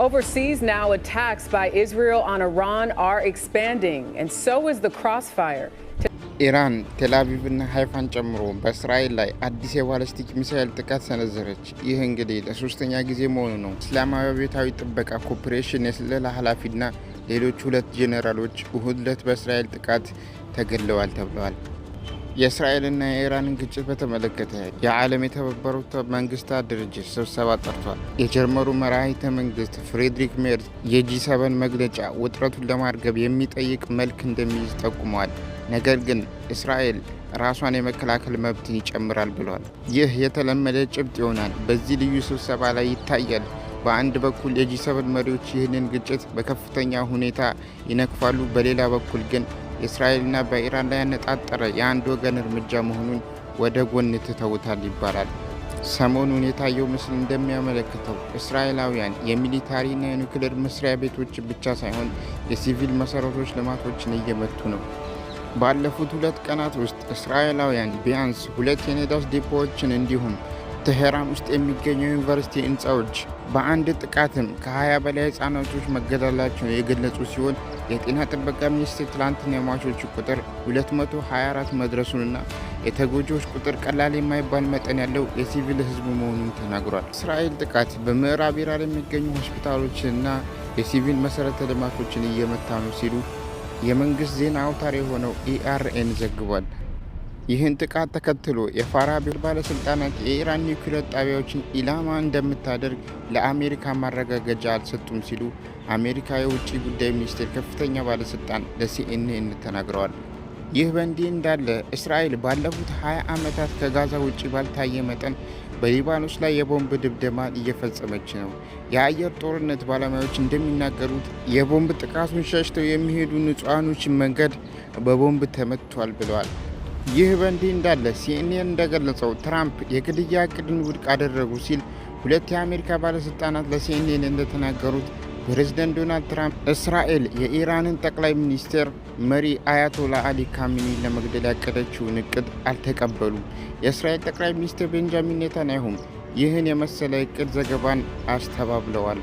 Overseas now, attacks by Israel on Iran are expanding, and so is the crossfire. ኢራን ቴል አቪቭና ሃይፋን ጨምሮ በእስራኤል ላይ አዲስ የባለስቲክ ሚሳኤል ጥቃት ሰነዘረች። ይህ እንግዲህ ለሶስተኛ ጊዜ መሆኑ ነው። እስላማዊ አብዮታዊ ጥበቃ ኮርፖሬሽን የስለላ ኃላፊና ሌሎች ሁለት ጄኔራሎች እሁድ ዕለት በእስራኤል ጥቃት ተገድለዋል ተብለዋል። የእስራኤልና የኢራንን ግጭት በተመለከተ የዓለም የተባበሩት መንግስታት ድርጅት ስብሰባ ጠርቷል። የጀርመኑ መራሂተ መንግስት ፍሬድሪክ ሜርት የጂ ሰበን መግለጫ ውጥረቱን ለማርገብ የሚጠይቅ መልክ እንደሚይዝ ጠቁመዋል። ነገር ግን እስራኤል ራሷን የመከላከል መብትን ይጨምራል ብሏል። ይህ የተለመደ ጭብጥ ይሆናል፣ በዚህ ልዩ ስብሰባ ላይ ይታያል። በአንድ በኩል የጂ ሰበን መሪዎች ይህንን ግጭት በከፍተኛ ሁኔታ ይነክፋሉ፣ በሌላ በኩል ግን እስራኤልና በኢራን ላይ ያነጣጠረ የአንድ ወገን እርምጃ መሆኑን ወደ ጎን ትተውታል ይባላል። ሰሞኑን የታየው ምስል እንደሚያመለክተው እስራኤላውያን የሚሊታሪና የኒውክሌር መስሪያ ቤቶችን ብቻ ሳይሆን የሲቪል መሰረቶች ልማቶችን እየመቱ ነው። ባለፉት ሁለት ቀናት ውስጥ እስራኤላውያን ቢያንስ ሁለት የነዳጅ ዲፖዎችን እንዲሁም ቴሄራን ውስጥ የሚገኙ ዩኒቨርሲቲ ህንፃዎች በአንድ ጥቃትም ከ20 በላይ ህፃናቶች መገደላቸውን የገለጹ ሲሆን የጤና ጥበቃ ሚኒስቴር ትላንትና የሟቾች ቁጥር 224 መድረሱንና የተጎጂዎች ቁጥር ቀላል የማይባል መጠን ያለው የሲቪል ህዝብ መሆኑን ተናግሯል። እስራኤል ጥቃት በምዕራብ ኢራን የሚገኙ ሆስፒታሎችንና የሲቪል መሠረተ ልማቶችን እየመታ ነው ሲሉ የመንግሥት ዜና አውታር የሆነው ኢአርኤን ዘግቧል። ይህን ጥቃት ተከትሎ የፋራ ቢር ባለስልጣናት የኢራን ኒውክሌር ጣቢያዎችን ኢላማ እንደምታደርግ ለአሜሪካ ማረጋገጫ አልሰጡም ሲሉ አሜሪካ የውጭ ጉዳይ ሚኒስቴር ከፍተኛ ባለስልጣን ለሲኤንኤን ተናግረዋል። ይህ በእንዲህ እንዳለ እስራኤል ባለፉት 20 ዓመታት ከጋዛ ውጭ ባልታየ መጠን በሊባኖስ ላይ የቦምብ ድብደማን እየፈጸመች ነው። የአየር ጦርነት ባለሙያዎች እንደሚናገሩት የቦምብ ጥቃቱን ሸሽተው የሚሄዱ ንጹሐኖችን መንገድ በቦምብ ተመትቷል ብለዋል። ይህ በእንዲህ እንዳለ ሲኤንኤን እንደገለጸው ትራምፕ የግድያ እቅድን ውድቅ አደረጉ ሲል ሁለት የአሜሪካ ባለሥልጣናት ለሲኤንኤን እንደተናገሩት ፕሬዝደንት ዶናልድ ትራምፕ እስራኤል የኢራንን ጠቅላይ ሚኒስቴር መሪ አያቶላ አሊ ካሚኒ ለመግደል ያቀደችውን እቅድ አልተቀበሉም። የእስራኤል ጠቅላይ ሚኒስትር ቤንጃሚን ኔታንያሁም ይህን የመሰለ እቅድ ዘገባን አስተባብለዋል።